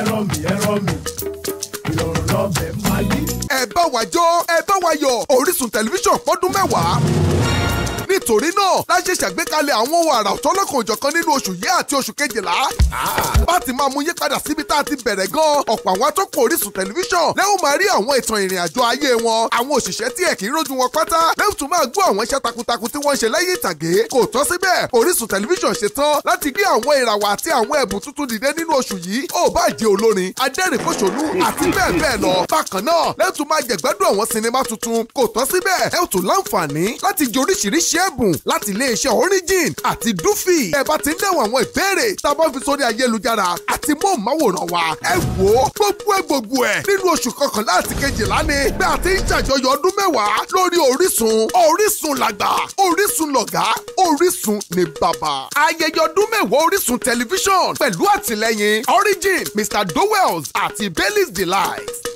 ẹ̀rọ mi ẹ̀rọ mi ìrọ̀rùn lọ́bẹ̀ máa yí. ẹ bá wa jọ ẹ bá wa yọ̀ Orísun tẹlifíṣàn fọ́dún mẹ́wàá nítorí náà la ṣe ṣàgbékalẹ̀ àwọn ohun àrà ọ̀tọ̀ lọ́kàn òjọ̀kan nínú oṣù yìí àti oṣù kejìlá. bá ti máa mú yín padà síbi tá a ti bẹ̀rẹ̀ gan ọ̀pọ̀ àwọn atọ́kùn Orísun tẹlifíṣàn lẹ́hùn máa rí àwọn ìtàn ìrìn àjò ayé wọn àwọn òṣìṣẹ́ tí ẹ̀ kì í rójú wọn pátá lẹ́hùn tún máa gbọ́ àwọn iṣẹ́ takuntakun tí wọ́n ṣe lẹ́yìn ìtàgé kò tọ́ síbẹ̀ Orísun tẹlifíṣàn ṣe tán láti gbé àwọn ìràwọ̀ àti àwọn ẹ̀bùn tuntun dìde nínú oṣù yìí ó bá jẹ́ olórin adẹ́rìnpòṣónú àti bẹ́ẹ̀ bẹ́ẹ̀ lọ bákan náà lẹ́hùn tún máa síbẹ̀ lẹ́hùn ẹ̀bùn láti iléeṣẹ́ origin àti dúfì ẹ bá ti ń dẹ̀wọ̀n àwọn ìbéèrè tá a bá fi sórí ayélujára àti móhùnmáwòrán wa ẹ wò ó gbogbo ẹ gbogbo ẹ nínú oṣù kọkànlá àti kejìlá ni bí a ti ń ṣàjọyọ̀ ọdún mẹ́wàá lórí Orísun Orísun làgbà Orísun lọ̀gá Orísun ni bàbá ayẹyẹ ọdún mẹ́wàá Orísun tẹlifíṣọ̀n pẹ̀lú àtìlẹ́yìn origin Mr. Dowells àti Bailey's Delight